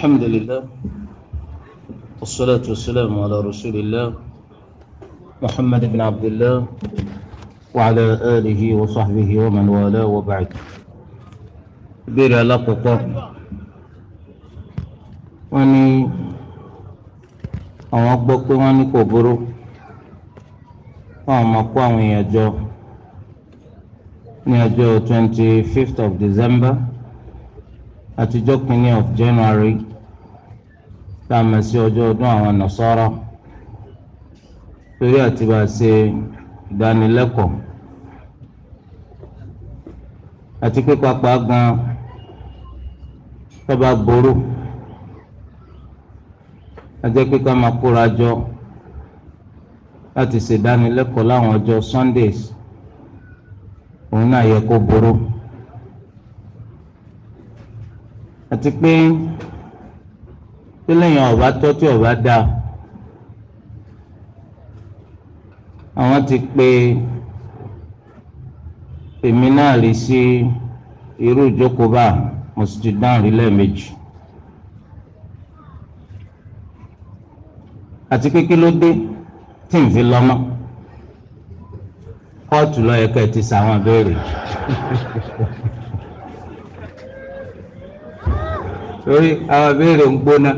الحمد لله والصلاة والسلام على رسول الله محمد بن عبد الله وعلى آله وصحبه ومن والاه وبعد بير لقوق واني àwọn gbọ́ pé wọ́n ní kò burú wọ́n máa kó àwọn èèyàn jọ ní of December àtijọ́ kìíní of January tá a mọ̀ sí ọjọ́ ọdún àwọn Nasara torí àti bá a ṣe ìdánilẹ́kọ̀ọ́ àti pé pápá gan tọ́ba gbòòrò ajẹ́ pé ká máa kóra jọ láti ṣèdánilẹ́kọ̀ọ́ láwọn ọjọ́ Sundays òun náà yẹ kó burú àti pé tí lẹ́yìn ọba tọ́ tí ọba dá àwọn ti pe èmi náà rí sí irú ìjókòó bá mo sì ti dáhùn rí lẹ́ẹ̀mejì. àti pé kí ló dé tí n fi lọ́mọ kóòtù lọ́yẹ kẹ́ ẹ ti sàwọn béèrè. torí àwọn béèrè ń gbóná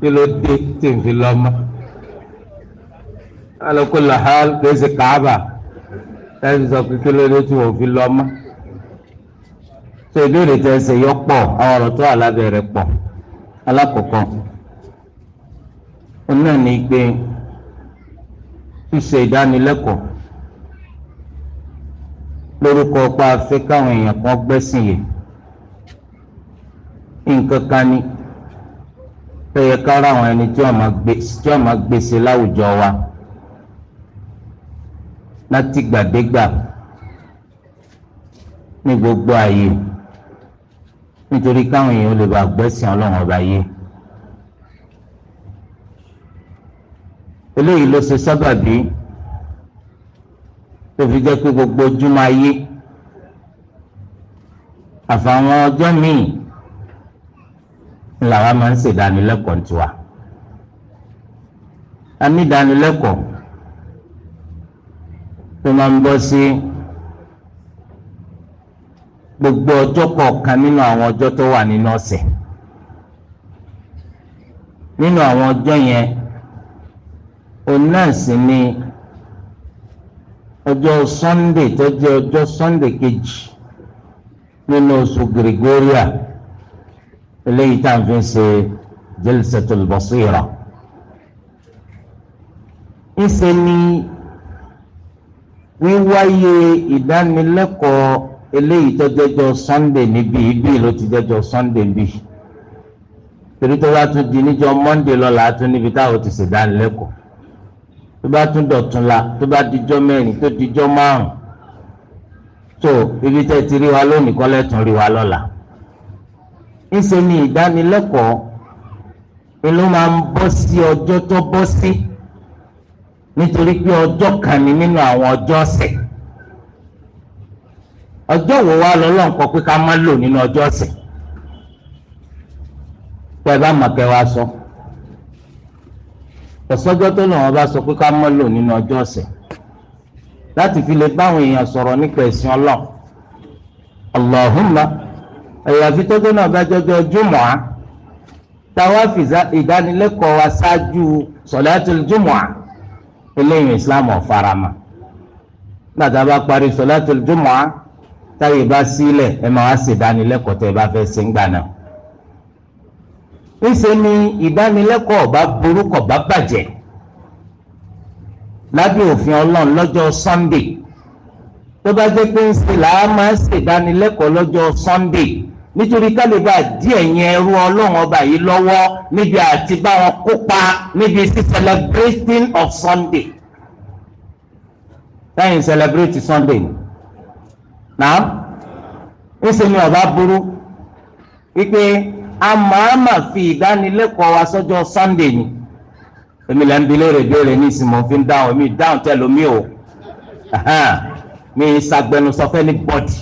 kí ló dé tí n fi lọ mọ aloko lahal gbèsè kaaba láti sọ pé kí ló dé tí wọn fi lọ mọ tó ìbéèrè tẹ ẹsẹ yọ pọ̀ àwọn ọ̀rọ̀ tó alábẹ pọ̀ alákọ̀ọ́kọ́ onáà ní pé ṣíṣe ìdánilẹ́kọ̀ọ́ lórúkọ pa afẹ káwọn èèyàn kan gbẹ́sìn yìí nǹkan kan ni tó yẹ ká ra àwọn ẹni tí wọ́n máa gbèsè láwùjọ wa láti gbàdégbà ní gbogbo ààyè nítorí káwọn èèyàn lè bá gbẹ́sìn ọlọ́run ọba yé eléyìí ló ṣe sábàbí tó fi jẹ́ pé gbogbo ojúmọ́ ayé àfàwọn ọjọ́ míì làwa máa ń ṣèdánilẹ́kọ̀ọ́ tiwa a ní ìdánilẹ́kọ̀ọ́ tó máa ń bọ́ sí gbogbo ọjọ́ kọ̀ọ̀kan nínú àwọn ọjọ́ tó wà nínú ọ̀sẹ̀ nínú àwọn ọjọ́ yẹn òun náà sì ni ọjọ́ Sunday tó jẹ́ ọjọ́ Sunday kejì nínú oṣù Gregoria. No eléyìí tá à ń fi ṣe jalsatul basira ńṣe ni wíwáyé ìdánilẹ́kọ̀ọ́ eléyìí tó jẹjọ sunday níbí ibi ló ti jẹjọ sunday bí torí tó bá tún di níjọ́ monday lọ́la tún níbi táwọn ti ṣèdánilẹ́kọ̀ọ́ tó bá tún dọ̀tún la tó bá dijọ́ mẹ́rin tó dijọ́ márùn-ún tó ibi tẹ́ ti rí wa lónìí kọ́lẹ́ tún rí wa lọ́la. So, ńṣe ni ìdánilẹ́kọ̀ọ́ ìlú máa ń bọ́ sí ọjọ́ tó bọ́ sí nítorí pé ọjọ́ kan ni nínú àwọn ọjọ́ ọ̀sẹ̀ ọjọ́ wo wá lọ́lọ́run kọ pé ká má lò nínú ọjọ́ ọ̀sẹ̀ pé ẹ bá mọ̀ kẹ́ wá sọ ọ̀sọ́jọ́ tó lọ́wọ́ bá fi lè báwọn èèyàn sọ̀rọ̀ nípa ẹ̀sìn ọlọ́ọ̀ Allahumma. àyàfi tọ́jọ́ náà bá jọjọ́ jùmọ̀á táwa fi ìdánilẹ́kọ̀ọ́ wa ṣáájú sọ̀láàtìl jùmọ̀á eléyìí islam ọ̀farama gbàtà bá parí sọ̀láàtìl jùmọ̀á táyé bá sílẹ̀ ẹ máa wá sí ìdánilẹ́kọ̀ọ́ tẹ́ ẹ bá fẹ́ ṣe ń gbà náà. ńṣe ni ìdánilẹ́kọ̀ọ́ ọ̀bá burúkọ̀ bá bàjẹ́ lábẹ́ òfin ọlọ́run lọ́jọ́ sunday tó bá jẹ́ pé ń ṣe làá máa ṣèdánilẹ́kọ̀ọ́ lọ́jọ́ sunday nítorí kálíbà díẹ̀ yẹn ẹrú ọlọ́run ọba yìí lọ́wọ́ níbi àti bá wọn kópa níbi sí celebrating of Sunday lẹ́yìn celebrate Sunday ni náà ń ṣe ni ọba burú wípé a máa ma fi ìdánilẹ́kọ̀ọ́ wa sọ́jọ́ Sunday ni èmi lẹ́ ń bi léèrè béèrè ní ìsìnmọ̀ fi ń dáhùn èmi dáhùn tẹ́ lómi o mi ìsagbẹnusọ fẹ́ ní bọ́dì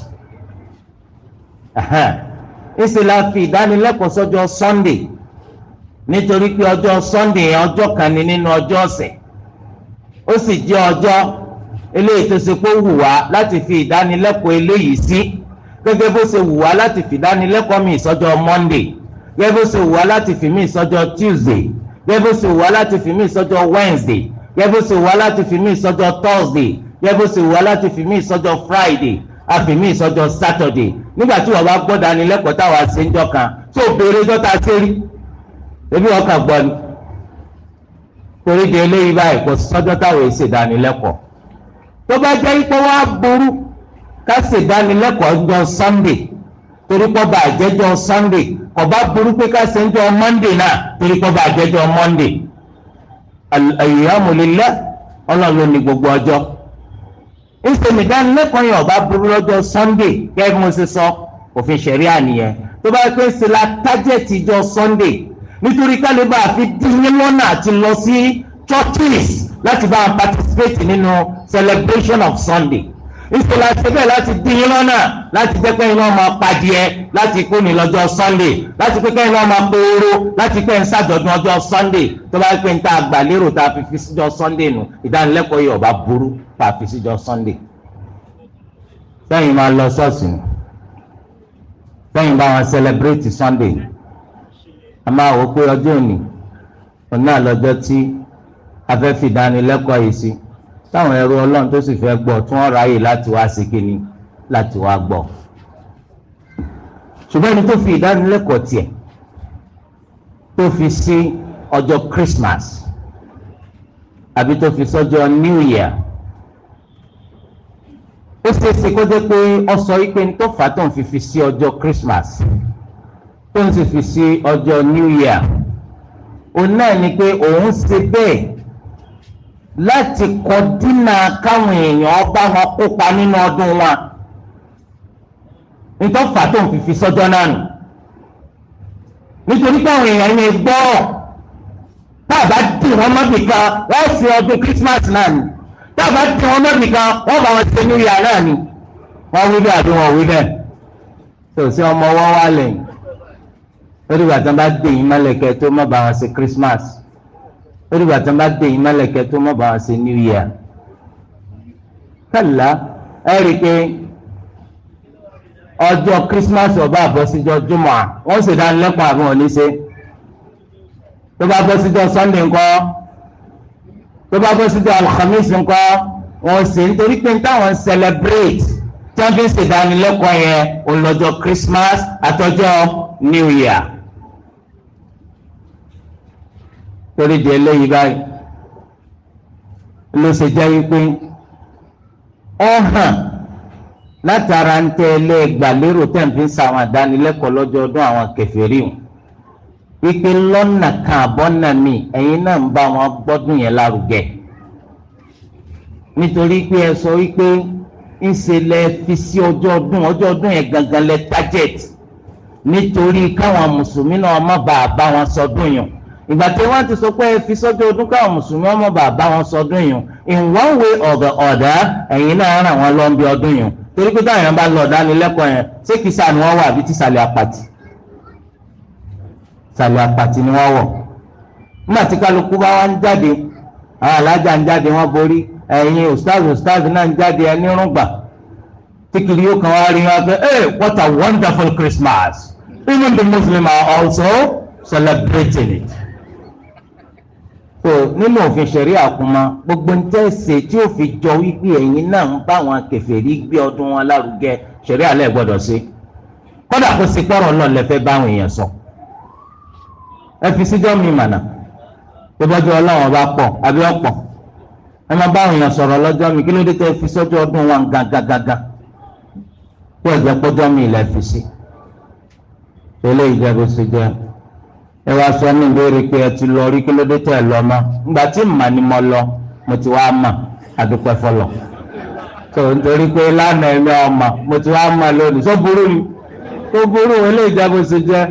ìṣe la fi ìdánilẹ́kọ̀ọ́ sọ́jọ́ Sunday nítorí pé ọjọ́ Sunday yẹn ọjọ́ kan ní nínú ọjọ́ ọ̀sẹ̀ ó sì jẹ́ ọjọ́ eléyìí tó ṣe pé ó wù wá láti fi ìdánilẹ́kọ̀ọ́ eléyìí sí gẹ́gẹ́ bó ṣe wù wá láti fi ìdánilẹ́kọ̀ọ́ mi sọ́jọ́ Monday gẹ́gẹ́ bó ṣe wù wá láti fi mi sọ́jọ́ Tuesday gẹ́gẹ́ bó ṣe wù wá láti fi mi sọ́jọ́ Wednesday gẹ́gẹ́ bó ṣe wù wá láti fi mi sọ́jọ́ Thursday gẹ́gẹ́ bó ṣe wù wá láti fi mi sọ́jọ́ Friday àfìmí ìsọjọ́ sátọ̀dé nígbà tí wọ́n bá gbọ́ dánilẹ́kọ̀ọ́ táwa ṣe ń jọ kan tó béèrè dọ́ta sérí ebi wọn kà gbọ́ ni torí di eléyìí báyìí kò sọ́jọ́ táwa yìí ṣe dánilẹ́kọ̀ọ́ tó bá jẹ́ ipò wa burú ká ṣe dánilẹ́kọ̀ọ́ jọ Sunday torí kọ́ bá àjẹjọ́ Sunday kọ́ bá burú pé ká ṣe ń jọ Monday náà torí kọ́ bá àjẹjọ́ Monday al ayyamu lillah ọlọ́run gbogbo ọjọ́ ìsèmìdánilẹ́kọ̀ọ́ yẹn ọba burú lọ́jọ́ sunday gẹ́gẹ́ bí mo ṣe sọ òfin ṣẹ̀ríà nìyẹn tó bá pẹ́ ṣe la tájẹ́tì jọ sunday nítorí kálíbà àfi dín lọ́nà àti lọ sí churches láti bá wọn participate nínú celebration of sunday ìṣe la ṣe bẹ́ẹ̀ láti dín in lọ́nà láti jẹ́ pé iná máa padìẹ láti kó ní lọ́jọ́ sunday láti pé kẹ́hìn náà máa pé oró láti pé ń ṣàjọ̀dún ọjọ́ sunday tó bá pé ń ta àgbàlérò tá a fi fi síjọ́ sunday nù ìdánilẹ́kọ̀ọ́ yìí ọ̀bá burú tá a fi síjọ́ sunday. sẹ́yìn máa lọ ṣọ́ọ̀ṣì nù sẹ́yìn bá wọn celebrate sunday a máa wò pé ọjọ́ òní òun náà lọ́jọ́ tí a fẹ́ fi ìdánilẹ́kọ̀ọ́ yìí sí. Si táwọn ẹrú ọlọ́run tó sì fẹ́ gbọ́ tí wọ́n ráyè láti wá sí kíni láti wá gbọ́ ṣùgbọ́n ẹni tó fi ìdánilẹ́kọ̀ọ́ tiẹ̀ tó fi sí ọjọ́ Christmas àbí tó fi sọ́jọ́ New Year ó ṣeéṣe kó jẹ́ pé ọ sọ wípé ní tó fà á tó ń fi fi sí ọjọ́ Christmas tó ń sì fi sí ọjọ́ New Year òun náà ni pé òun ṣe bẹ́ẹ̀ láti kọ dínà káwọn èèyàn bá wọn kópa nínú ọdún wọn nítọ́fà tó ń fìfì sọ́jọ́ náà nù nítorí káwọn èèyàn yẹn gbọ́ tá a bá dì wọn mọ́bì wọ́n fi ọdún Christmas náà nù tá a bá dì wọn mọ́bì kan wọ́n bá wọn ṣe new year náà nù wọ́n wí bí àdúgbò wí bẹ́ẹ̀ tó sí ọmọ wọn wá lẹ́yìn lórí ìgbà tí wọ́n bá dè yín mọ́lẹ̀kẹ́ tó má bá wọn ṣe Christmas lórí ìgbà tí wọn bá dé yìí tó mọ́ bá wọn ṣe new year kàlá ẹ rí i pé ọjọ́ christmas ọba àbọ̀síjọ́ jùmọ̀ à wọ́n sì dá lẹ́kọ̀ọ́ àbọ̀ òní ṣe tó bá bọ́síjọ́ sunday ńkọ́ tó bá bọ́síjọ́ alhamis ńkọ́ wọ́n sì nítorí pé táwọn ń celebrate tí wọ́n fi ń ṣèdánilẹ́kọ̀ọ́ yẹn òun lọ́jọ́ christmas àtọ́jọ́ new year. torí di eléyìí báyìí ló ṣe jẹ́ wípé ó hàn látara ń tẹ ilé gbàlérò tẹ̀ ń fi ń sa àwọn àdánilẹ́kọ̀ọ́ lọ́jọ́ ọdún àwọn kèfèrí o wípé lọ́nà kan àbọ́nà mi ẹ̀yin náà ń bá wọn gbọ́dún yẹn lárugẹ nítorí pé ẹ sọ wípé ńṣe lẹ fi sí ọjọ́ ọdún ọjọ́ ọdún yẹn gangan lẹ target nítorí káwọn mùsùlùmí náà má bàa bá wọn sọdún yàn ìgbà tí wọ́n ti sọ pé ẹ fi sọ́jọ́ ọdún káwọn mùsùlùmí ọmọ bàbá wọn sọdún yìí in one way or the other ẹ̀yin náà ràn wọ́n lọ bí ọdún yìí torí pé táwọn èèyàn bá lọ dánilẹ́kọ̀ọ́ yẹn ṣé kìsà ni wọ́n wà àbí tìsàlẹ̀ àpàtì sàlẹ̀ àpàtì ni wọ́n wọ̀ nígbà tí kálukú bá wá ń jáde àwọn alájà ń jáde wọ́n borí ẹ̀yin ustaz ustaz náà ń jáde ẹni rúgbà tíkìlì yóò kàn wá rí wọn pé hey what a wonderful Christmas even the Muslims are also celebrating it kò nínú òfin ṣẹ̀rí àkùnmá gbogbo ń tẹ̀sẹ̀ tí ó fi jọ wípé ẹ̀yin náà ń bá àwọn kèfèrí gbé ọdún wọn lárugẹ ṣẹ̀rí alẹ́ gbọ́dọ̀ sí kódà kó sì pọ̀rọ̀ náà lẹ́fẹ́ bá àwọn èèyàn sọ ẹ fi síjọ́ mi mànà tó bá jọ ọlọ́run bá pọ̀ àbí ọ̀pọ̀ ẹ má bá àwọn èèyàn sọ̀rọ̀ lọ́jọ́ mi kí ló dé tẹ́ fi sọ́jọ́ ọdún wọn gangangangan kó ẹ̀jẹ̀ pọ́jọ́ mi ilẹ̀ fi sí eléyìí jẹ́ bó ṣe jẹ́ ẹ wá sọ ní ìbéèrè pé ẹ ti lọ rí kí ló dé tẹ ẹ lọ mọ ngbà tí mà ni mo lọ mo ti wá mà àdúpẹ́ fọlọ tó nítorí pé lánàá ẹ̀mí ọmọ mo ti wá mà lónìí tó burú ni tó burú wọn lè jẹ́ bó ṣe jẹ́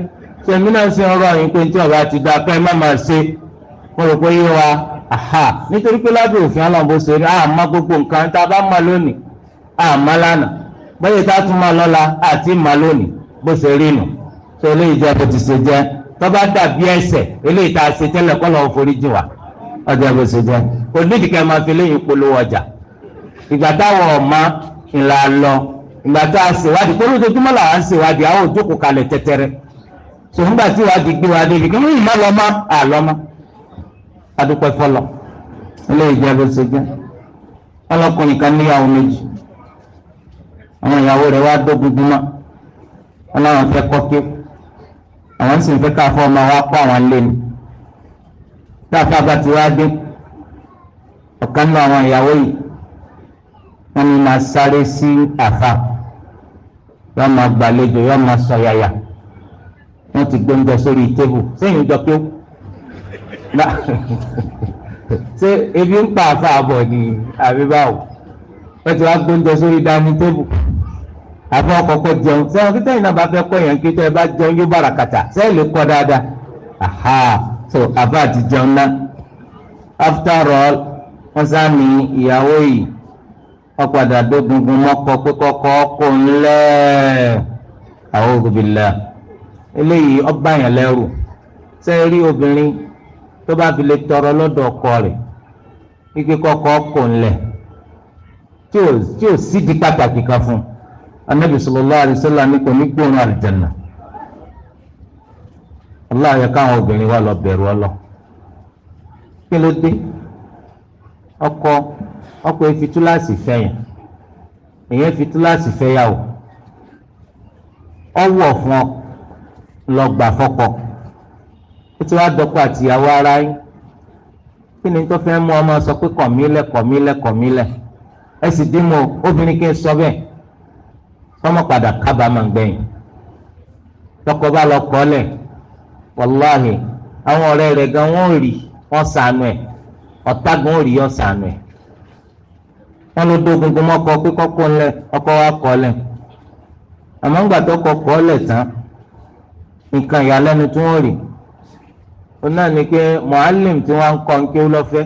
tèmi náà ṣe ń rọ pé tí ọba ti da pé má ṣe mo rò pé yé wa aha nítorí pé lábẹ́ òfin ọlọ́run bó ṣe rí gbogbo nǹkan tá a bá mà lónìí àmọ́ lánàá bóyá tá a tún máa lọ́la àti mà lónìí bó ṣe rí nù tó lè bó ti ṣe tọ́ba dàbí ẹ̀ṣẹ̀ eléyìí tá a ṣe tẹ́lẹ̀ kọ́ lọ́wọ́ forí jìn wá ọjà bó ṣe jẹ́ kò nídìí ká máa fi léyìn polówó ọjà ìgbà táwọn ọ̀ma ńlá lọ ìgbà tá a ṣèwádìí pé olójoojúmọ́ làwọn ṣèwádìí àwọn òjókòó kalẹ̀ tẹ́tẹ́rẹ́ sòfúngbà tí ìwádìí gbé wa débi kí wọ́n má lọ́mọ́ àlọ́mọ́ adúpẹ́ fọlọ́ eléyìí jẹ́ bó ṣe jẹ́ ọlọ́kùnrin kan níyàwó méjì àwọn ìyàwó rẹ̀ wá dógun dúmọ́ ọlọ́run fẹ́ kọ́ kéwù àwọn sì ń fẹ́ ká fọ́ ọmọ wa kọ́ àwọn lé ni táàfà bá ti wá dé ọ̀kan náà àwọn ìyàwó yìí wọ́n ní máa sáré sí àfà yọ́ máa gbàlejò yọ́ máa sọ yàyà wọ́n ti gbóúnjẹ sórí tébù sẹ́yìn ìjọ pé ṣé ebi ń pa àfà àbọ̀ ni àbí báwo wọ́n ti wá gbóúnjẹ sórí dání tébù àfi wọn kọ́kọ́ jẹun sẹ́wọ̀n kí sẹ́yìn náà bá fẹ́ kọ́ yẹn kí tẹ́ ẹ bá jẹun yóò bára kàtà sẹ́yìn lè kọ́ dáadáa aha so àbá àti jẹun náà after all wọ́n sá ní ìyàwó yìí wọ́n padà dógungun mọ́kọ pé kọ́kọ́ kò ń lẹ́ a'udhu billah eléyìí ọba yẹn lẹ́rù sẹ́yìn rí obìnrin tó bá fi lè tọrọ lọ́dọ̀ ọkọ rẹ̀ wípé kọ́kọ́ kò ń lẹ̀ tí ò sídìí pàtàkì kan fún un anabi sallallahu alaihi wasallam ní kò ní gbóòórùn àlìjẹnà Allah yẹ káwọn obìnrin wa lọ bẹ̀rù ọlọ kí ló dé ọkọ ọkọ efi túláàsì fẹyàn èyàn fi túláàsì fẹyàwó ọwọ fún ọ lọ gbà fọkọ ó ti wá dọkọ àtìyàwó ara yín kí ni tó fẹ́ mú ọmọ sọ pé kọ̀mílẹ̀ kọ̀mílẹ̀ kọ̀mílẹ̀ ẹ sì dín mọ́ obìnrin kí n sọ bẹ́ẹ̀. kọ́mọ padà kábàámọ̀ gbẹ̀yìn tọkọ bá lọ kọ́lẹ̀ wàláhì àwọn ọ̀rẹ́ rẹ̀ gan wọ́n rí wọ́n sànù ẹ̀ sànù ẹ̀ wọ́n ló dó gungun mọ́kọ ńlẹ̀ ọkọ wa kọ́lẹ̀ àmọ́ ńgbà tọkọ kọ́lẹ̀ tán nǹkan ìyàlẹ́nu tí wọ́n ó náà pé mọ̀álìm tí wọ́n ń kọ́ ń kéwú lọ́fẹ́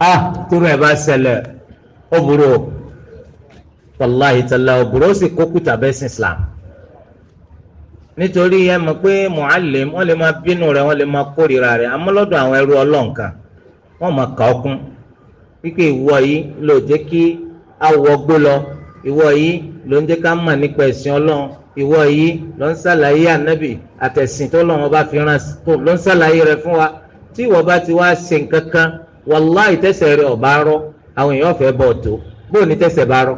a ah, tóró ẹ̀ bá ṣẹlẹ̀ ó burú o wàláhi tàlà ó burú ó sì kó bẹ́ẹ̀ sí Islam nítorí ẹ mọ̀ pé mu'allim wọ́n lè máa bínú rẹ̀ wọ́n lè máa kórìíra rẹ̀ àmọ́ àwọn ẹrú ọlọ́ǹkà wọ́n máa kà ọ́ kún wípé ìwọ yìí ló jẹ́ kí awọ gbó lọ ìwọ yìí ló ń jẹ́ ká nípa ẹ̀sìn ọlọ́run ìwọ yìí ló ń ṣàlàyé ànábì àtẹ̀sìn tó lọ́wọ́ bá fi ràn ló ń ṣàlàyé rẹ̀ fún wa tí ìwọ bá ti wá ṣe nǹkan wàláì tẹsẹ̀ rẹ ọba rọ àwọn èèyàn fẹ́ bọ̀ tó bó ní tẹsẹ̀ bá rọ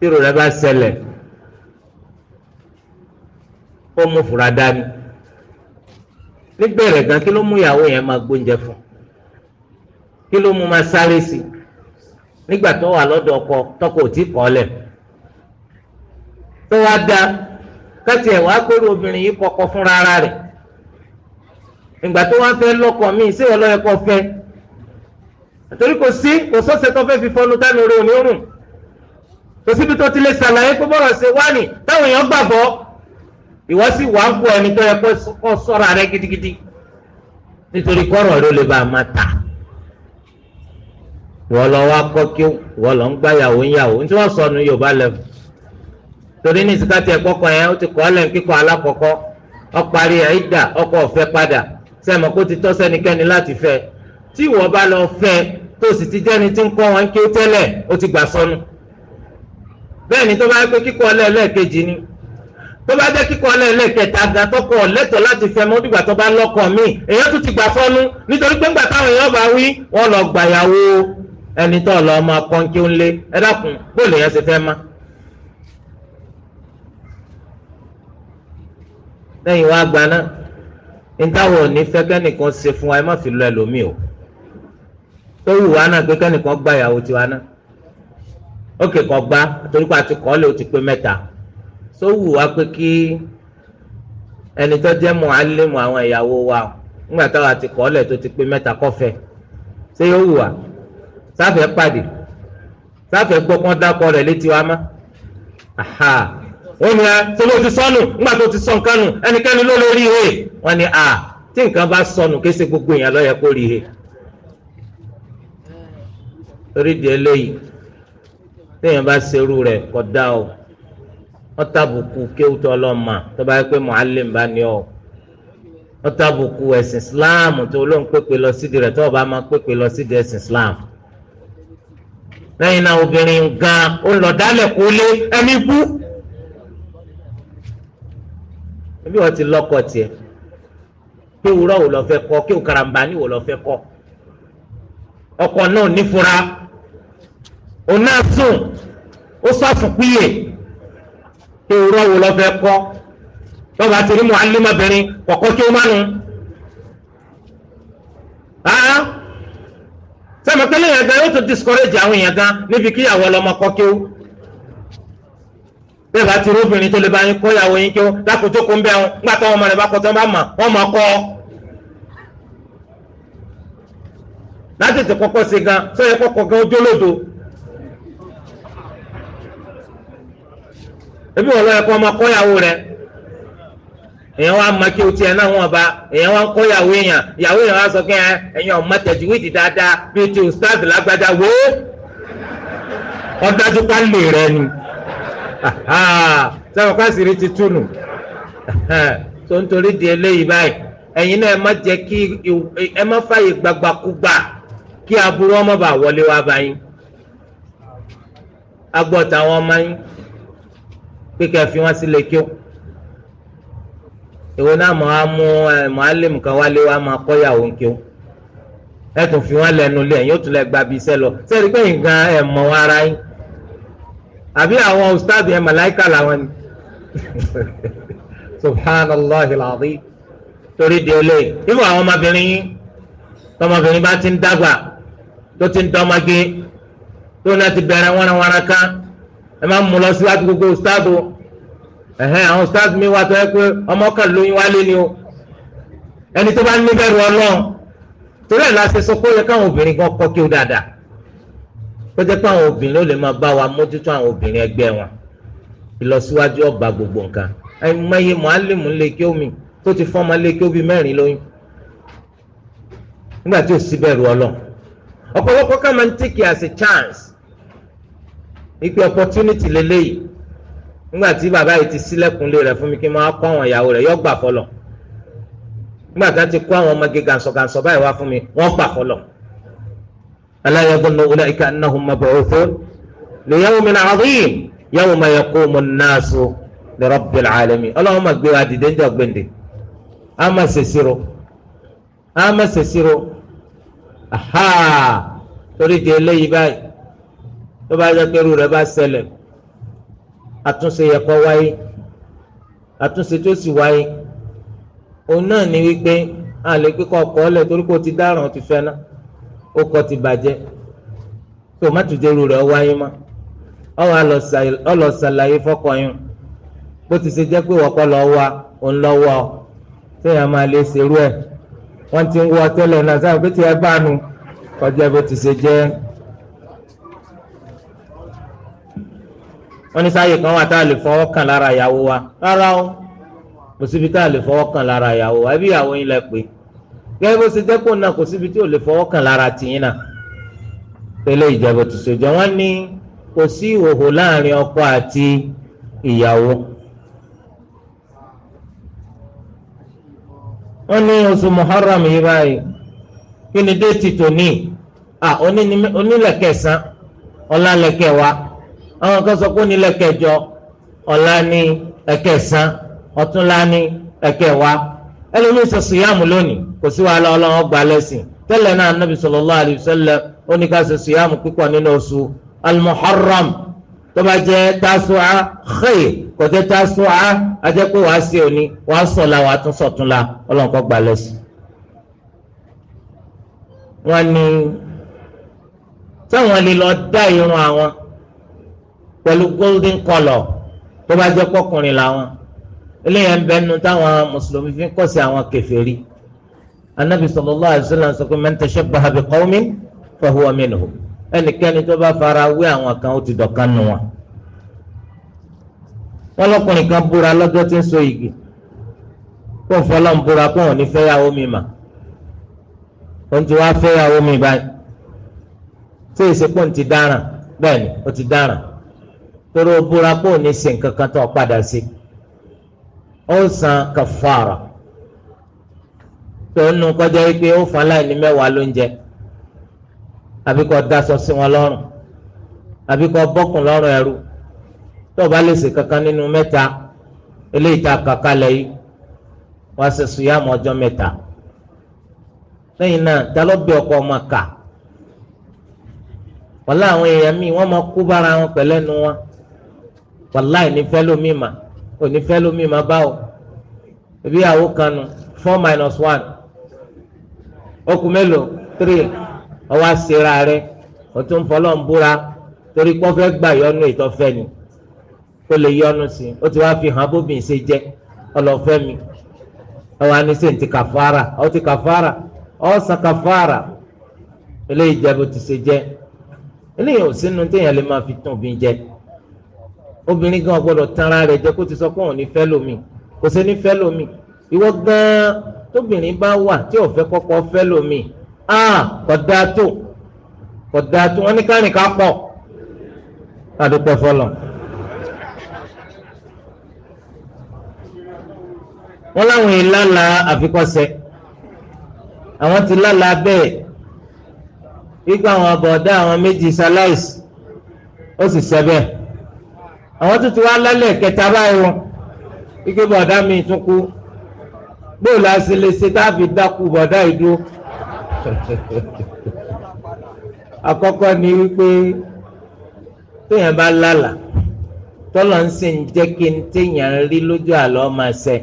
tírò rẹ bá ṣẹlẹ̀ ó mú fura dání níbẹ̀rẹ̀ gan kí ló mú ìyàwó yẹn máa gbóúnjẹ fún kí ló mú máa sáré sí nígbà tó wà lọ́dọ̀ ọkọ tọkọ òtí kọ́lẹ̀ tó wá dá kẹ́tì ẹ̀ wá gbórí obìnrin yìí kọ́kọ́ fúnra rẹ̀ ìgbà tó wọn fẹ́ lọ́kọ mi ṣé wọn lọ́yẹ kọ́ fẹ́ torí kò sí kò sọ́sẹ̀ tó fẹ́ fi fọnu tánu rẹ̀ òní rùn kò síbi tó ti lè ṣàlàyé pé bọ́rọ̀ ṣe wá ní táwọn èèyàn gbàgbọ́ ìwọ sì wà ń kó ẹni tó yẹ kó sọ́ra rẹ gidigidi nítorí kọ́rọ̀ rẹ lè bá a máa ta ìwọ lọ wá kọ́ kí ìwọ lọ ń gbá yàwó ń yàwó wọ́n sọ nu Yorùbá lẹ́fù torí ní ìsìkàtì ẹ̀kọ́kọ̀ yẹn ó ti kọ́ ọ́ lẹ́yìn kíkọ́ alákọ̀ọ́kọ́ ọ parí ẹ̀ ìdà ọkọ̀ ọ̀fẹ́ padà sẹ́mi kó ti tọ́ sẹ́nikẹ́ni láti fẹ́ tí ìwọ bá lọ fẹ́ tó sì ti jẹ́ni tí ń kọ́ wọn kí tẹ́lẹ̀ ó ti gbà sọnù bẹ́ẹ̀ ni tó bá yẹ pé kíkọ́ lẹ́ẹ̀lẹ́ẹ̀kejì ni tó bá jẹ́ kíkọ́ lẹ́ẹ̀lẹ́ẹ̀kẹta gan tọkọ lẹ́tọ̀ láti fẹ́ mọ́ dìgbà tó bá lọ́kọ̀ mi èèyàn tún ti gbà sọnù nítorí pé ńgbà táwọn èèyàn bá wí wọ́n lọ gbàyàwó ẹni tó lọ ọmọ akọ́n kí ó ń lé ẹ dákun bó lè yẹn ṣe fẹ́ má. lẹ́yìn wá gbaná nítawọ̀ ní fẹ́ kẹ́nìkan ṣe fún wa ẹ má fi lọ ẹlòmíì o tó wù wá náà pé kẹ́nìkan gba ìyàwó tiwa náà ókè kan gba torí pa ti kọ́ lè o ti pé mẹ́ta tó wù wá pé kí ẹni tó jẹ́ mọ̀álẹ́mù àwọn ìyàwó wa ńgbà táwa àti kọ́ lẹ̀ tó ti pé mẹ́ta kọ́fẹ́ ṣé yóò wù wá sáfẹ́ pàdé sáfẹ́ gbọ́ kán dákọ rẹ̀ létí wa má aha ó ní ẹ sọ́wọ́ ti sọnù nígbà tó ti sọ nǹkan nù ẹnikẹ́ni a tí nǹkan bá sọnù kí ṣe gbogbo èèyàn ló kó rí he. torí di eléyìí téèyàn bá ṣerú o wọ́n tàbùkù kéwùtọ́ ọlọ́mà tó bá yẹ pé ọ wọ́n tàbùkù ẹ̀sìn islam tó pépè lọ tó máa pépè lọ ẹ̀sìn islam lẹ́yìn náà obìnrin gan-an ebi wọn ti lọkọ tiẹ pé wúrọ wò lọ fẹ́ kọ kí wò karambani wò lọ fẹ́ kọ ọkọ náà nífura òun náà sùn ó sọfún píye pé wúrọ wò lọ fẹ́ kọ lọba ti rí muhalimabirin kọkọ kí ó má nu sọmọkẹlẹ yẹn gan yóò tún discourage àwọn yẹn gan níbi kíyàwó ọlọmọ kọ bẹ́ẹ̀ bá ti róbìnrin tó lè bá yín kọ́yàwó yín kí ó lákòótó kó ń bẹ́ẹ̀ wọn nígbà táwọn ọmọ rẹ̀ bá kọ́ tán bá mà wọ́n mọ̀ kọ́. láti tètè kọ́kọ́ sí gan kọ́kọ́ gan ojú olódo. ebi wọn lọ́yẹ̀ kọ́ ọmọ kọ́yàwó rẹ̀ èèyàn wa ma kí o tiẹ̀ náà wọn ba èèyàn wa ń kọ́ èèyàn èèyàn wa sọ kí ẹ tẹ̀jú dáadáa bíi ti sábà ah, kásìrì ti túnú tó ń torí di eléyìí báyìí ẹ̀yin náà ẹ má jẹ́ kí ẹ má fààyè gbagbakúgbà kí aburú ọmọ bá wọlé wá báyìí agbọ́ta wọn máa ń pé kẹ́ ẹ fi wọn sílẹ̀ kí ó èwo náà mọ̀ á mú ẹ mọ̀álẹ́mù kan wálé wá máa kọ́ ìyàwó ń kí ó ẹ tún fi wọn lẹ́nu lé ẹ̀yin ó tún lẹ́ gba ibi iṣẹ́ lọ sẹ́ẹ̀rí pé nǹkan ẹ̀ mọ̀ wọn ara yín àbí àwọn ustaadi ẹ màláìka làwọn ni subhanallah alazim torí di olóyè ibò àwọn ọmọbìnrin yín tọmọbìnrin bá ti ń dàgbà tó ti ń dọmọge tó náà ti bẹ̀rẹ̀ wọ́nrawọ́nra kan ẹ máa ń mú lọ síwájú gbogbo ustaadi ẹ̀hẹ́n àwọn ustaadi mi wá tó yẹ pé ọmọ kan lóyún wálé ni o ẹni tó bá ń níbẹ̀rù ọlọ́run torí ẹ̀ la yẹ káwọn obìnrin kan kọ́ kí ó dáadáa tó jẹ́ pé àwọn obìnrin ó lè máa bá wa mójútó àwọn obìnrin ẹgbẹ́ wọn ìlọsíwájú ọba gbogbo nǹkan àìmọye mọ̀álìmù lè kí omi tó ti fọ́mọ lè kí omi mẹ́rin lóyún nígbà tí ò sí bẹ̀rù ọlọ́run ọ̀pọ̀lọpọ̀ ká máa ń tíkì as chance ìpè opportunity lélẹ́yìí nígbà tí bàbá yìí ti sílẹ̀kùnlé rẹ̀ fún mi kí n máa kọ́ àwọn ìyàwó rẹ̀ yọ gbà fọlọ̀ nígbà tá ti kó àwọn ọmọ gíga báyìí wá fún mi wọ́n gbà fọlọ̀ ألا يظن أولئك أنهم مبعوثون ليوم عظيم يوم يقوم الناس لرب العالمين اللهم اكبر هذه دنجا بندي أما سيسيرو أما سيسيرو أها تريد إليه باي تبا يكرو ربا سلم àtúnṣe yẹ kó wáyé àtúnṣe tó sì wáyé òun náà ni wípé a lè pé kọ́ ó kọ́ ti bàjẹ́ tó má tún dérú rẹ̀ wáyé má ọwọ́ àlọ́ ṣàlàyé fọkànyún bó ti ṣe jẹ́ pé wọ́kọ́ lọ wá òun lọ ọ téèyàn máa lè ṣerú ẹ̀ wọ́n ti ń wọ tẹ́lẹ̀ náà pé tí ẹ bá nu kọjá bó ti ṣe jẹ́ wọ́n ní kan wà tá a lè fọwọ́ kàn lára ìyàwó wa rárá o kò síbi tá a lè fọwọ́ kàn lára ìyàwó wa ẹbí ìyàwó gẹ́gẹ́ bó ṣe jẹ́pọ̀ náà kò síbi tí ò lè fọwọ́ kàn lára tìyín náà pẹ̀lú ìjẹ́bù tó ṣèjọ wọn ní kò sí láàrin ọkọ àti ìyàwó. wọ́n ní oṣù muharram yìí báyìí ni déètì àwọn kan sọ pé ní ọ̀túnlá ní ẹlòmíì ṣe sùyàmù lónìí kò sí wàhálà ọlọ́wọ́ gba lẹ́sìn tẹ́lẹ̀ náà anabi sallallahu alayhi wa sallam ó ní ká ṣe sùyàmù púpọ̀ nínú oṣù al-muharram tó bá jẹ́ tasu'a ajẹ́ pé wàá ṣe òní wàá sọ̀la wàá tún sọ̀túnla ọlọ́wọ́ kọ́ gba lẹ́sìn. wọ́n ní táwọn lè lọ dá irun àwọn pẹ̀lú golden colour tó pọ́kùnrin làwọn eléyà ń bẹnu táwọn mùsùlùmí fi ń kọ́ sí àwọn kèfèrí anabi sallallahu alaihi wasallam sọ pé man tashabbaha bi qawmin fahuwa minhum ẹnikẹ́ni tó bá fara wé àwọn kan ó ti dọ̀kan nù wọn. wọn lọkùnrin kan búra lọ́jọ́ tí ń so igi kó ń fọlọ́ ń búra kó wọn ní fẹ́yàwó mi mà òun ti wá fẹ́yàwó mi báyìí tí ìsìnkú ti dáràn bẹ́ẹ̀ ni ó ti dáràn torí búra kó ò ní sìn kankan tó padà sí i. ó san kàfàrà tó nu kọjá yìí pé ó fún mẹ́wàá ló ń jẹ àbí daṣọ sí wọn lọ́rùn àbí kó bọ́kùn lọ́rùn ẹrú tó bá lè kankan nínú mẹ́ta eléyìí tá a kà kalẹ̀ yìí wọ́n á ṣe sùyàmù ọjọ́ mẹ́ta lẹ́yìn náà dalọ́bì ọkọ̀ ọmọ kà wọ́n láwọn èèyàn míì wọ́n kú bára wọn pẹ̀lẹ́nu wọn wọ́n láì ní fẹ́ lómi mà. onífẹ́ lómi máa bá o ebi ìyàwó kan nu four minus one okù mélòó three ọwọ́ àṣírà rẹ ọtún fọlọ́ ń búra torí pé wọ́n fẹ́ gbà yọnu ìtọ́fẹ́ ni ó lè yọnu sí i ó ti wá fi hàn bóbìn ṣe jẹ́ ọlọ́fẹ́ mi ọwọ́ anísè ti kàfàrà ọ ti kàfàrà ọ san kàfàrà eléyìí jẹ́ bó ti ṣe jẹ́ eléyìí ò sínú téèyàn lè máa fi tún òbí jẹ́ obìnrin gan gbọ́dọ̀ tanra rẹ̀ jẹ kó ti sọ pé òun ní fẹ́ lómi kò sí ní fẹ́ lómi ìwọ gan tóbìnrin bá wà tí ò fẹ́ kọ́kọ́ fẹ́ lómi ah kò dáa tó kò dáa tó wọn ní kárìn ká pọ̀ adúpẹ́ fọlọ. wọn láwọn yìí lálà àfikọ́sẹ̀ àwọn ti lálà bẹ́ẹ̀ gbígbà àwọn àbọ̀dá àwọn méjì ṣaláìsì ó sì ṣẹ́ àwọn tó ti wá lálẹ́ kẹta báyìí wọn ike bọ̀dá mi tún kú bóòlù àṣelẹṣe tá a fi dákú bọ̀dá ìdúró àkọ́kọ́ ni wípé téèyàn bá lálàá tọ́lọ̀ ń sìn jẹ́ kí n téèyàn rí lójú àlọ́ máa ṣẹ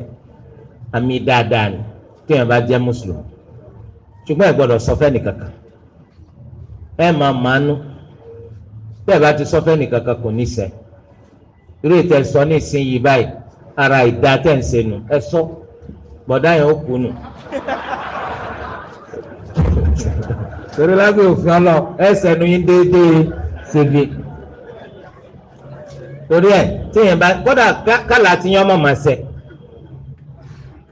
àmì dáadáa ni téèyàn bá jẹ́ mùsùlùmí ṣùgbọ́n ẹ gbọ́dọ̀ sọ fẹ́ nìkankan ẹ máa mánú bẹ́ẹ̀ bá ti sọ fẹ́ nìkankan kò ní ṣẹ irú ìtẹ̀sọ́ ní ìsinyìí báyìí ara ìdá tẹ̀sẹ̀ nù ẹ sọ bọ̀dá yẹn ó kú nù. torí lábẹ́ òfin ọlọ ẹsẹ̀ nu yín déédéé ṣègbè torí ẹ téèyàn bá kódà kálá ti yán ọmọ màá sẹ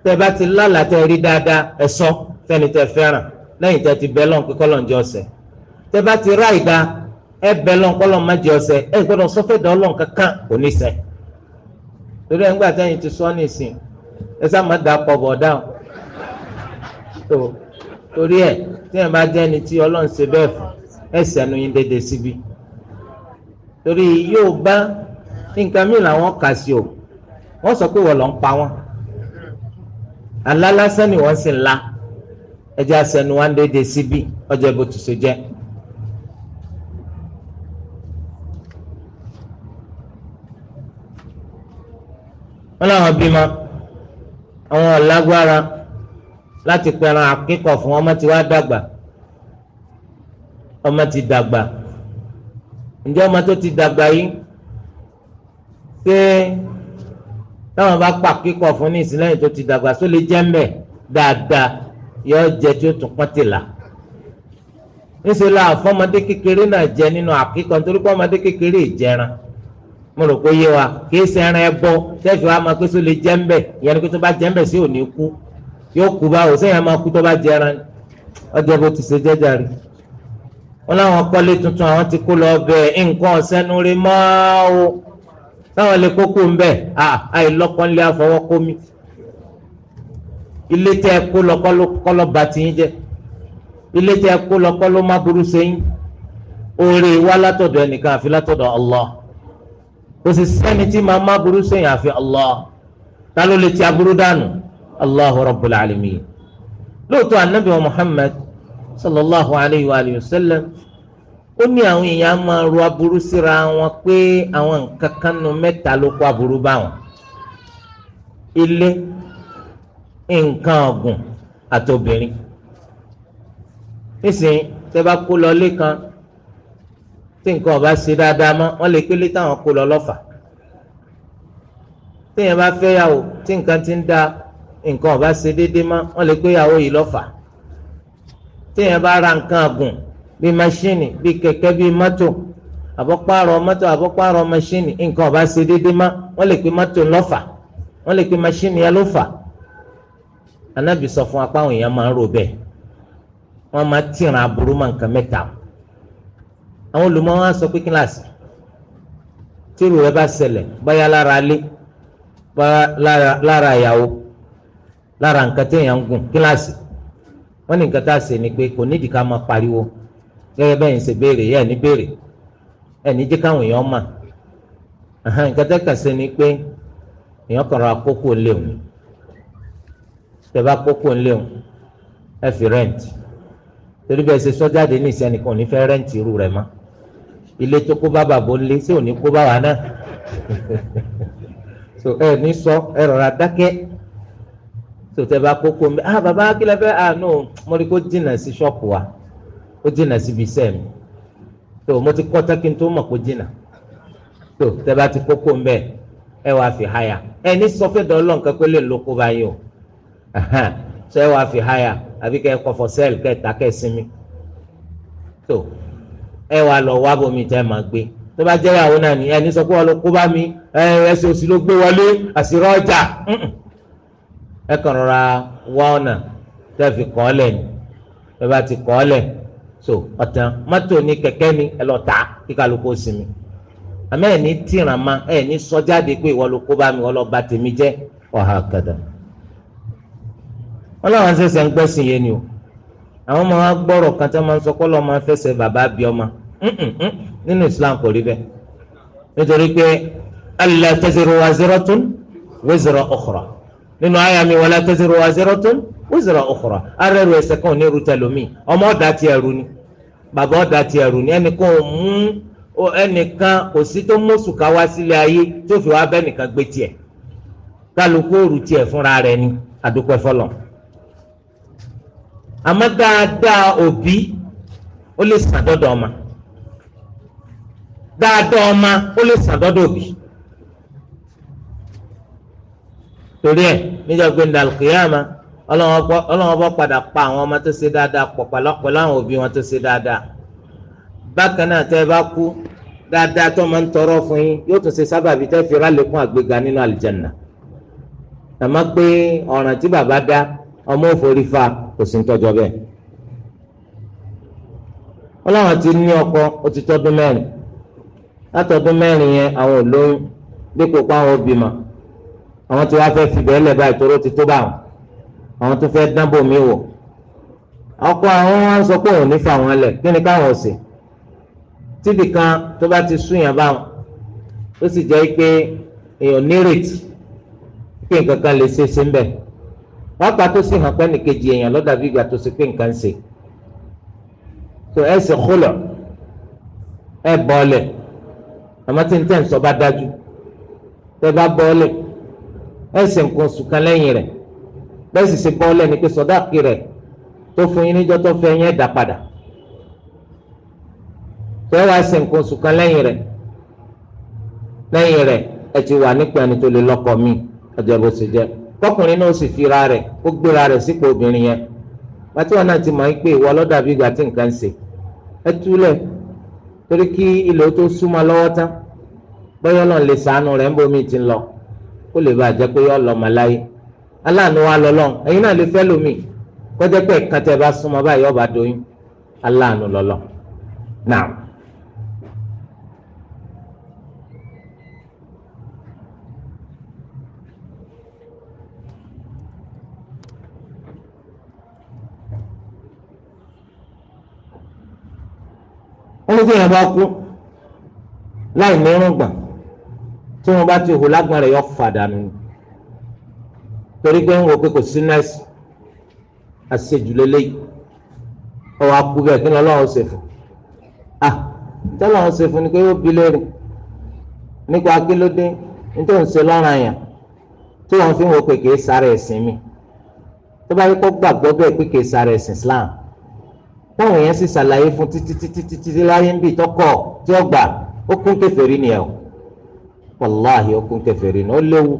tẹ bá ti lálà tẹ rí dáadáa ẹ sọ fẹ́ni tẹ fẹ́ràn lẹ́yìn tẹ ti bẹ lọ́n pé kọlọ ń jọ ọsẹ tẹ bá ti rá ìdá ẹ bẹ lọ́nkọ́lọ́ mẹ́jẹ ọ̀sẹ̀ ẹ gbọ́dọ̀ sọ́fẹ́ dán lọ́n kankan kò ní sẹ́ torí ẹ̀ ń gbà tẹ́yìn ti sọ́ nìsín ẹ sá máa dà pọ̀ bọ̀ dáhùn tó torí ẹ̀ tí ẹ bá jẹ́ ẹni tí ọlọ́run ṣe bẹ́ẹ̀ fún ẹ sẹ́nu yín dédé síbi torí yóò bá nǹkan mìíràn àwọn kà sí o wọ́n sọ pé wọ́n lọ ń pa wọ́n alálásán ni wọ́n sì ń la ẹja sẹ́nu wá ń dédé síbi ọjọ́ ìbò tùsọ̀ jẹ́ wọn làwọn bímọ àwọn ọ̀lágbára láti pẹran àkíkọ̀ fún ọmọ tí wàá dàgbà ọmọ ti dàgbà ǹjẹ́ ọmọ tó ti dàgbà yìí ṣé táwọn bá pa àkíkọ̀ fún ní ìsìlẹ́yìn tó ti dàgbà só lè jẹ́ mbẹ́ dáadáa yọ jẹ tí ó tún pọ́n ti là níṣẹ́ la àfọ́mọdé kékeré náà jẹ nínú àkíkọ̀ nítorí pé ọmọdé kékeré ìjẹran. mo rò pé yé wa kì í ṣe ẹran ẹbọ tẹ́fì wa máa pé sọ lè ìyẹn ni pé tó bá jẹ́ ń bẹ̀ sí kú yóò kú báwo sẹ́yìn máa kú tó bá jẹ ọjọ́ bó ti ṣe jẹ́jà rí wọn láwọn kọ́lé tuntun àwọn ti kó lọ bẹ nǹkan ọ̀sẹ́nu rí táwọn lè kókó ń bẹ̀ ilé kó lọ kọ́lọ́ bá ti ilé kó lọ kọ́lọ́ má burú sẹ́yìn wá látọ̀dọ̀ ẹnìkan àfi látọ̀dọ̀ Allah. kò sì sẹ́ni tí màá má burú sẹ́yìn àfi Allah ta ló lè ti aburú dànù Allahu rabbul alamin lóòótọ́ anabi wa Muhammad sallallahu alayhi wa sallam ó ní àwọn èèyàn máa ro aburú síra wọn pé àwọn nǹkan kan nu mẹ́ta ló kó aburú bá wọn ilé nǹkan ọ̀gùn àtobìnrin nísìnyí tẹ́ bá kó lọ lé kan tí nǹkan ọba ṣe dáadáa mọ́ wọ́n lè pélé táwọn kó lọ lọ́fà téèyàn bá fẹ́ yàwó tí nǹkan ti ń da nǹkan ọba ṣe déédéé mọ́ wọ́n lè pé yàwó yìí lọ́fà téèyàn bá ra nǹkan àgùn bíi máṣíìnì bíi kẹ̀kẹ́ bíi mọ́tò àbọ̀párọ̀ mọ́tò àbọ̀párọ̀ máṣíìnì nǹkan ọba ṣe déédéé mọ́ wọ́n lè pé mọ́tò lọ́fà wọ́n lè pé máṣíìnì yẹn ló anábì sọ fún apá àwọn èèyàn máa ń rò bẹ́ẹ̀ wọ́n máa tìràn aburú mọ́ nǹkan mẹ́ta àwọn olùmọ̀ wa sọ pé kíláàsì tírù rẹ bá ṣẹlẹ̀ báyà lára lé báyà lára ìyàwó lára nǹkan téèyàn ń gùn kíláàsì wọ́n ní nǹkan tá a ṣe ni pé kò nídìí ká máa pariwo gẹ́gẹ́ bẹ́ẹ̀ ń ṣe béèrè yẹ ní béèrè ẹ ní káwọn èèyàn mà nǹkan tẹ́ ṣe ni pé èèyàn kàn ra kókó léwu tẹ́ bá kókó léwu ẹ fi rẹ́ǹtì torí bẹ́ẹ̀ ṣe sọ́jáde ní ìsẹ́nìkan ò ní fẹ́ rẹ́ǹtì irú rẹ̀ mọ́ ilé tó kó bá bàbá lé sí òní kó bá wà náà so ẹ ní sọ ẹ rọra dákẹ́ so tẹ bá kókó mi ah baba kí lẹ fẹ́ ah no mo rí kó jìnnà sí ṣọ́ọ̀pù wa ó jìnnà síbi iṣẹ́ mi so mo ti kọ́ tẹ́kí tó mọ̀ kó jìnnà so tẹ bá ti kókó ń bẹ̀ ẹ wàá fi háyà ẹ ní sọ fẹ́ dọ́ọ́lọ́ nǹkan pé lè lóko báyìí o so ẹ wàá fi háyà àbí kẹ́ ẹ kọ́ fọ́ sẹ́ẹ̀lì kẹ́ ẹ ta kẹ́ ẹ sinmi so ẹ wàá lọ wá bomi tẹ́ máa gbé tó bá jẹ́ ìyàwó náà ni ẹni sọ pé wọn kó bá mi òsì ló gbé wọlé àṣírí ọjà ẹ kàn rọra wá ọ̀nà tẹ́ fi kọ́ lẹ̀ ni tẹ́ bá ti kọ́ lẹ̀ so ọ̀tàn mọ́tò ní kẹ̀kẹ́ ni ẹ lọ tà kí kálukú sinmi àmọ́ ẹ̀ ní tìrànmá ẹ̀ ní sọ́jáde pé ìwọ ló kó bá mi wọ́n lọ tèmi jẹ́ ọ̀hà kàdà. ṣẹ̀ṣẹ̀ ń gbẹ́sìn yẹn ni o. àwọn ọmọ wa gbọ́rọ̀ kan tí wọ́n máa ń sọ kọ́ máa fẹsẹ̀ bàbá bí ọmọ nínú Islam kò rí bẹ́ẹ̀ nítorí pé alla taziru waziratun wizra ukhra nínú àyà mi wala taziru waziratun wizra ukhra arẹ́rù ẹsẹ̀ kan ní rúta lómi ọmọ ọ̀dà ti ẹ̀rù ni bàbá ọ̀dà ti ẹ̀rù ni ẹnìkan ò mú ẹnìkan kò sí tó mọ̀sù ká wá sílé ayé tó ni àdúpẹ́ fọlọ́n àmọ́ dáadáa òbí ó lè sàn dọ́dọ̀ ọmọ dáadáa ọmọ ó lè sàn dọ́dọ̀ òbí torí ẹ níjọ́ gbẹndà kìyàmá ọlọ́wọ́n bọ́ padà pa àwọn ọmọ tó ṣe dáadáa pọ̀ pẹ̀lú àwọn òbí wọn tó ṣe dáadáa bákan náà tẹ́ ẹ bá kú dáadáa tó máa ń tọrọ fún yín yóò tún ṣe sábàbí tẹ́ fi rálẹ̀kùn àgbéga nínú àlìjànnà àmọ́ pé ọ̀ràn tí bàbá dá ọmọ òfòrí fa kò sí tọ́jọ́ bẹ́ẹ̀. wọ́n láwọn ti ní ọkọ ó ti tọ́dún mẹ́rin látọ̀dún mẹ́rin yẹn àwọn olóyún dípò pa àwọn òbí mà àwọn tí wàá fẹ́ fi bẹ́ẹ̀ lẹ̀ báyìí toró ti tó bá wọn àwọn tó fẹ́ dánbò mí wọ̀ ọkọ àwọn wọn sọ pé òun ní fa àwọn lẹ̀ kí ni káwọn ò sè tíbi kan tó bá ti sún yàn báwọn ó sì jẹ́ pé èèyàn nírètí pé nǹkan kan lè ṣe é ṣe ń bẹ̀ẹ́ wọ́n gbà tó sì hàn pé nìkejì èèyàn lọ́dà bí gbà tó sì pé nǹkan ṣe tó ẹ sì kúlọ̀ ẹ bọ́ọ̀lẹ̀ àmọ́ tí n tẹ̀ ń sọ bá dájú tẹ bá bọ́ọ̀lẹ̀ ẹ sì ń kun sùn kan lẹ́yìn rẹ̀ bẹ́ẹ̀ sì ṣe bọ́ọ̀lẹ̀ ní pé sọ́dáàkì rẹ̀ tó fún yín níjọ́ tó fẹ́ yẹn dà padà tẹ wá sì ń kun sùn lẹ́yìn rẹ̀ lẹ́yìn rẹ̀ ẹ ti wà nípa ẹni tó lè lọ́kọ mi ọjọ́ bó ṣe jẹ́ tọkùnrin náà sì fira rẹ̀ ó gbéra rẹ̀ sípò obìnrin yẹn pàtí wọn náà ti mọ̀ pé ìwọ ọlọ́dàbí ìgbà tí nǹkan ń ṣe ẹ túlẹ̀ torí kí ilẹ̀ ó tó súnmọ́ lọ́wọ́ tán bóyá ọlọ́run lè sàánú rẹ̀ ń bomi ti ń lọ kó lè bàa jẹ́ pé yọ lọ màláyé aláàánú wa lọ́lọ́run ẹ̀yin náà lè fẹ́ lómi kọjá pé ẹ̀ka tẹ́ bá súnmọ́ báyìí ọba doyún aláàánú lọ́lọ́run náà. onu kó yẹn bá kú láì mẹ́rún gbà tí wọn bá ti hù lágbọn rẹ yọ fàdánù torí pé ń wo pé kò sí nẹ́ẹ̀sì àṣejùlélẹ́yìí ọwọ́ akú bẹ́ẹ̀ kí ni ọlọ́run ṣe fún ah ṣe fún ni pé ó bi léèrè nípa akílódé nítorí ń ṣe lọ́rùn àyàn tí fi ń wo pé kì í ẹ̀sìn mi tó bá yẹ kó gbàgbọ́ bẹ́ẹ̀ pé Islam táwọn èèyàn sì ṣàlàyé fún títí títí títí láyé ń bì tọkọ tí ó gbà ó kún kèfèrí ni ẹ o wàláhì ó kún kèfèrí ni ó léwu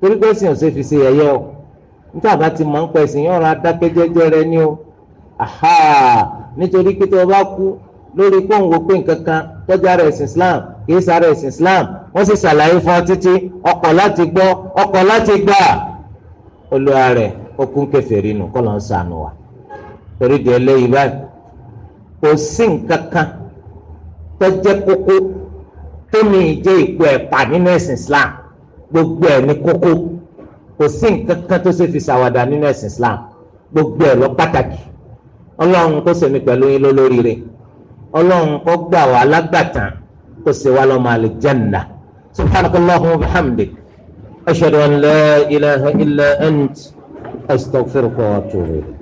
torí pé ẹ̀sìn ò ṣe fi ṣe yẹ̀yẹ́ o níta bá ti máa ń pẹ́ ẹ̀sìn yọ̀ọ́ra dákẹ́ jẹ́jẹ́ rẹ ni o aha nítorí pé tí wọ́n bá kú lórí pé òun wò pé nǹkan tọ́jà rẹ̀ ẹ̀sìn Islam kì í sáré ẹ̀sìn Islam wọ́n sì ṣàlàyé fún ọ títí ọkọ̀ láti gbọ́ ọkọ̀ láti gbà olùwà rẹ̀ ó kún kèfèrí nù kọ́ ló sànù wa torí di ẹlẹ́yìí báyìí kò sí nǹkan kan tó jẹ́ kókó tó ní ìjẹ́ ìpò ẹ̀pà nínú ẹ̀sìn Islam gbogbo ẹ̀ ní kókó kò sí nǹkan kan tó ṣe fi ṣàwàdà nínú ẹ̀sìn Islam gbogbo ẹ̀ lọ pàtàkì ọlọ́run kó ṣèmi pẹ̀lú yín lólóríire ọlọ́run kó gbà wá lágbàtàn kó ṣe wá lọ́mọ àlùjánnà subhanakallahu wa bihamdik ashhadu an la ilaha illa ant astaghfiruka wa atubu ilayk.